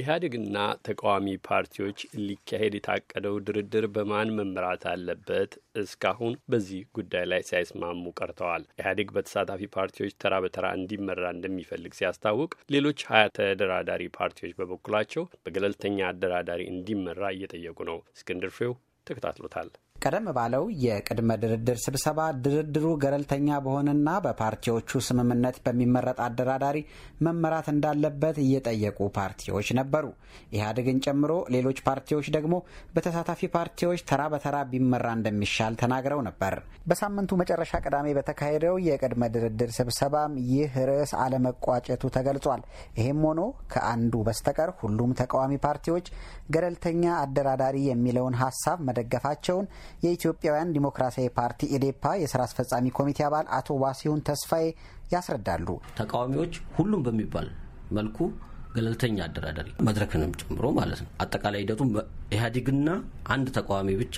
ኢህአዴግና ተቃዋሚ ፓርቲዎች ሊካሄድ የታቀደው ድርድር በማን መምራት አለበት እስካሁን በዚህ ጉዳይ ላይ ሳይስማሙ ቀርተዋል። ኢህአዴግ በተሳታፊ ፓርቲዎች ተራ በተራ እንዲመራ እንደሚፈልግ ሲያስታውቅ፣ ሌሎች ሀያ ተደራዳሪ ፓርቲዎች በበኩላቸው በገለልተኛ አደራዳሪ እንዲመራ እየጠየቁ ነው። እስክንድር ፍሬው ተከታትሎታል። ቀደም ባለው የቅድመ ድርድር ስብሰባ ድርድሩ ገለልተኛ በሆነና በፓርቲዎቹ ስምምነት በሚመረጥ አደራዳሪ መመራት እንዳለበት እየጠየቁ ፓርቲዎች ነበሩ። ኢህአዴግን ጨምሮ ሌሎች ፓርቲዎች ደግሞ በተሳታፊ ፓርቲዎች ተራ በተራ ቢመራ እንደሚሻል ተናግረው ነበር። በሳምንቱ መጨረሻ ቅዳሜ በተካሄደው የቅድመ ድርድር ስብሰባም ይህ ርዕስ አለመቋጨቱ ተገልጿል። ይህም ሆኖ ከአንዱ በስተቀር ሁሉም ተቃዋሚ ፓርቲዎች ገለልተኛ አደራዳሪ የሚለውን ሀሳብ መደገፋቸውን የኢትዮጵያውያን ዲሞክራሲያዊ ፓርቲ ኢዴፓ የስራ አስፈጻሚ ኮሚቴ አባል አቶ ዋሲሁን ተስፋዬ ያስረዳሉ። ተቃዋሚዎች ሁሉም በሚባል መልኩ ገለልተኛ አደራዳሪ መድረክንም ጨምሮ ማለት ነው። አጠቃላይ ሂደቱ ኢህአዴግና አንድ ተቃዋሚ ብቻ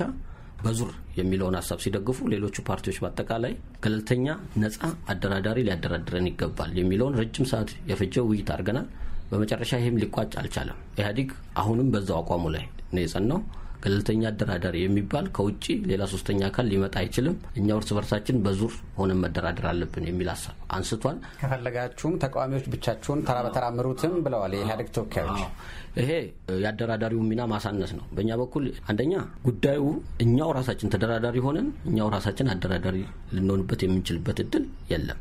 በዙር የሚለውን ሀሳብ ሲደግፉ፣ ሌሎቹ ፓርቲዎች በአጠቃላይ ገለልተኛ ነፃ አደራዳሪ ሊያደራድረን ይገባል የሚለውን ረጅም ሰዓት የፈጀ ውይይት አድርገናል። በመጨረሻ ይህም ሊቋጭ አልቻለም። ኢህአዴግ አሁንም በዛው አቋሙ ላይ ነው የጸናው። ገለልተኛ አደራዳሪ የሚባል ከውጭ ሌላ ሶስተኛ አካል ሊመጣ አይችልም፣ እኛ እርስ በርሳችን በዙር ሆነን መደራደር አለብን የሚል ሀሳብ አንስቷል። ከፈለጋችሁም ተቃዋሚዎች ብቻችሁን ተራ በተራ ምሩትም ብለዋል የኢህአዴግ ተወካዮች። ይሄ የአደራዳሪው ሚና ማሳነስ ነው። በእኛ በኩል አንደኛ ጉዳዩ እኛው ራሳችን ተደራዳሪ ሆነን እኛው ራሳችን አደራዳሪ ልንሆንበት የምንችልበት እድል የለም።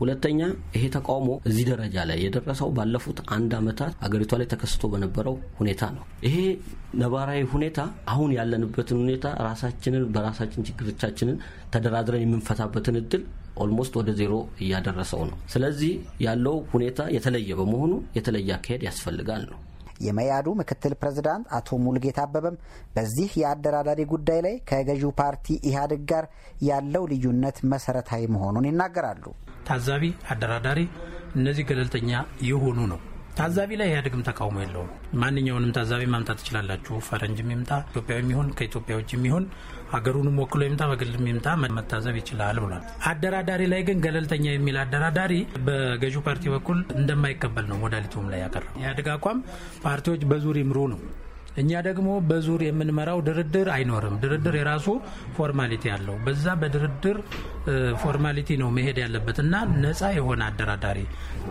ሁለተኛ ይሄ ተቃውሞ እዚህ ደረጃ ላይ የደረሰው ባለፉት አንድ ዓመታት አገሪቷ ላይ ተከስቶ በነበረው ሁኔታ ነው። ይሄ ነባራዊ ሁኔታ አሁን ያለንበትን ሁኔታ ራሳችንን በራሳችን ችግሮቻችንን ተደራድረን የምንፈታበትን እድል ኦልሞስት ወደ ዜሮ እያደረሰው ነው። ስለዚህ ያለው ሁኔታ የተለየ በመሆኑ የተለየ አካሄድ ያስፈልጋል ነው የመያዱ ምክትል ፕሬዝዳንት አቶ ሙልጌታ አበበም በዚህ የአደራዳሪ ጉዳይ ላይ ከገዢው ፓርቲ ኢህአዴግ ጋር ያለው ልዩነት መሰረታዊ መሆኑን ይናገራሉ። ታዛቢ፣ አደራዳሪ እነዚህ ገለልተኛ የሆኑ ነው ታዛቢ ላይ ኢህአዴግም ተቃውሞ የለውም። ማንኛውንም ታዛቢ ማምጣት ትችላላችሁ። ፈረንጅ የሚምጣ ኢትዮጵያዊ የሚሆን ከኢትዮጵያ ውጭ የሚሆን ሀገሩንም ወክሎ ይምጣ በግል የሚምጣ መታዘብ ይችላል ብሏል። አደራዳሪ ላይ ግን ገለልተኛ የሚል አደራዳሪ በገዢው ፓርቲ በኩል እንደማይቀበል ነው ሞዳሊቲውም ላይ ያቀረበ ኢህአዴግ አቋም ፓርቲዎች በዙር ይምሩ ነው። እኛ ደግሞ በዙር የምንመራው ድርድር አይኖርም። ድርድር የራሱ ፎርማሊቲ አለው። በዛ በድርድር ፎርማሊቲ ነው መሄድ ያለበት እና ነፃ የሆነ አደራዳሪ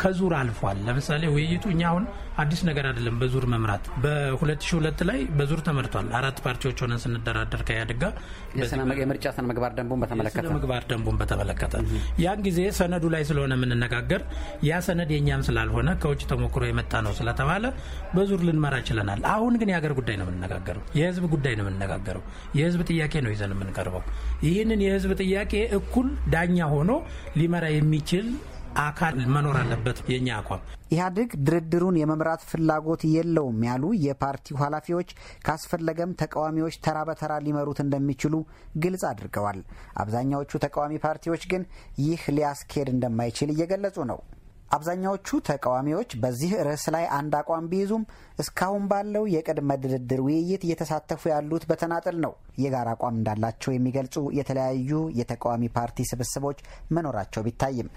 ከዙር አልፏል። ለምሳሌ ውይይቱ እኛ አሁን አዲስ ነገር አይደለም። በዙር መምራት በ2002 ላይ በዙር ተመርቷል። አራት ፓርቲዎች ሆነን ስንደራደር ከያድጋ የምርጫ ስነ ምግባር ደንቡን በተመለከተ ስነ ምግባር ደንቡን በተመለከተ ያን ጊዜ ሰነዱ ላይ ስለሆነ የምንነጋገር ያ ሰነድ የእኛም ስላልሆነ ከውጭ ተሞክሮ የመጣ ነው ስለተባለ በዙር ልንመራ ችለናል። አሁን ግን የሀገር ጉዳይ ነው የምንነጋገረው፣ የህዝብ ጉዳይ ነው የምንነጋገረው፣ የህዝብ ጥያቄ ነው ይዘን የምንቀርበው። ይህንን የህዝብ ጥያቄ እኩል ዳኛ ሆኖ ሊመራ የሚችል አካል መኖር አለበት። የኛ አቋም ኢህአዴግ ድርድሩን የመምራት ፍላጎት የለውም ያሉ የፓርቲው ኃላፊዎች ካስፈለገም ተቃዋሚዎች ተራ በተራ ሊመሩት እንደሚችሉ ግልጽ አድርገዋል። አብዛኛዎቹ ተቃዋሚ ፓርቲዎች ግን ይህ ሊያስኬድ እንደማይችል እየገለጹ ነው። አብዛኛዎቹ ተቃዋሚዎች በዚህ ርዕስ ላይ አንድ አቋም ቢይዙም እስካሁን ባለው የቅድመ ድርድር ውይይት እየተሳተፉ ያሉት በተናጠል ነው። የጋራ አቋም እንዳላቸው የሚገልጹ የተለያዩ የተቃዋሚ ፓርቲ ስብስቦች መኖራቸው ቢታይም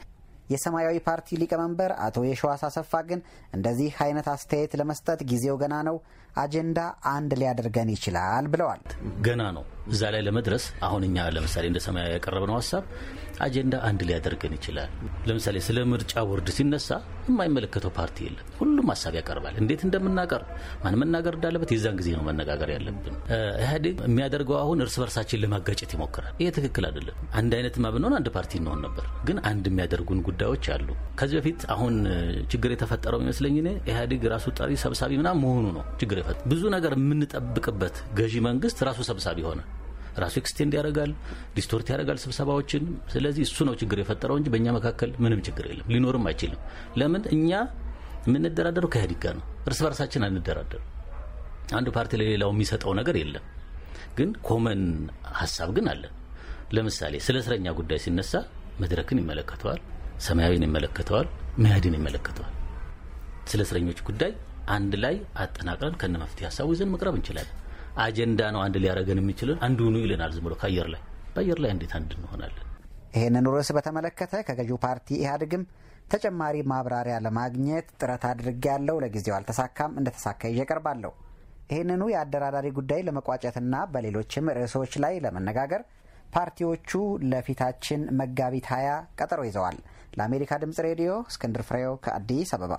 የሰማያዊ ፓርቲ ሊቀመንበር አቶ የሸዋስ አሰፋ ግን እንደዚህ አይነት አስተያየት ለመስጠት ጊዜው ገና ነው፣ አጀንዳ አንድ ሊያደርገን ይችላል ብለዋል። ገና ነው እዛ ላይ ለመድረስ። አሁን እኛ ለምሳሌ እንደ ሰማያዊ ያቀረብነው ሀሳብ አጀንዳ አንድ ሊያደርገን ይችላል። ለምሳሌ ስለ ምርጫ ቦርድ ሲነሳ የማይመለከተው ፓርቲ የለም። ሁሉም ሀሳብ ያቀርባል። እንዴት እንደምናቀርብ ማን መናገር እንዳለበት የዛን ጊዜ ነው መነጋገር ያለብን። ኢህአዴግ የሚያደርገው አሁን እርስ በርሳችን ለማጋጨት ይሞክራል። ይሄ ትክክል አይደለም። አንድ አይነት ማ ብንሆን አንድ ፓርቲ እንሆን ነበር። ግን አንድ የሚያደርጉን ጉዳይ ጉዳዮች አሉ። ከዚህ በፊት አሁን ችግር የተፈጠረው ይመስለኝ እኔ ኢህአዴግ ራሱ ጠሪ ሰብሳቢ ምናምን መሆኑ ነው ችግር የፈ ብዙ ነገር የምንጠብቅበት ገዢ መንግስት ራሱ ሰብሳቢ ሆነ። ራሱ ኤክስቴንድ ያደርጋል፣ ዲስቶርት ያደርጋል ስብሰባዎችን። ስለዚህ እሱ ነው ችግር የፈጠረው እንጂ በእኛ መካከል ምንም ችግር የለም፣ ሊኖርም አይችልም። ለምን እኛ የምንደራደረው ከኢህአዴግ ጋር ነው። እርስ በርሳችን አንደራደርም። አንዱ ፓርቲ ለሌላው የሚሰጠው ነገር የለም። ግን ኮመን ሀሳብ ግን አለን። ለምሳሌ ስለ እስረኛ ጉዳይ ሲነሳ መድረክን ይመለከተዋል፣ ሰማያዊን ይመለከተዋል፣ መያድን ይመለከተዋል። ስለ እስረኞች ጉዳይ አንድ ላይ አጠናቅረን ከነ መፍትሄ ሀሳቡ ይዘን መቅረብ እንችላለን። አጀንዳ ነው አንድ ሊያደረገን የሚችልን አንዱኑ ይለናል። ዝም ብሎ ከአየር ላይ በአየር ላይ እንዴት አንድ እንሆናለን? ይህንን ርዕስ በተመለከተ ከገዢው ፓርቲ ኢህአዴግም ተጨማሪ ማብራሪያ ለማግኘት ጥረት አድርጌ ያለው ለጊዜው አልተሳካም። እንደተሳካ ይዤ እቀርባለሁ። ይህንኑ የአደራዳሪ ጉዳይ ለመቋጨትና በሌሎችም ርዕሶች ላይ ለመነጋገር ፓርቲዎቹ ለፊታችን መጋቢት ሀያ ቀጠሮ ይዘዋል። ለአሜሪካ ድምጽ ሬዲዮ እስክንድር ፍሬው ከአዲስ አበባ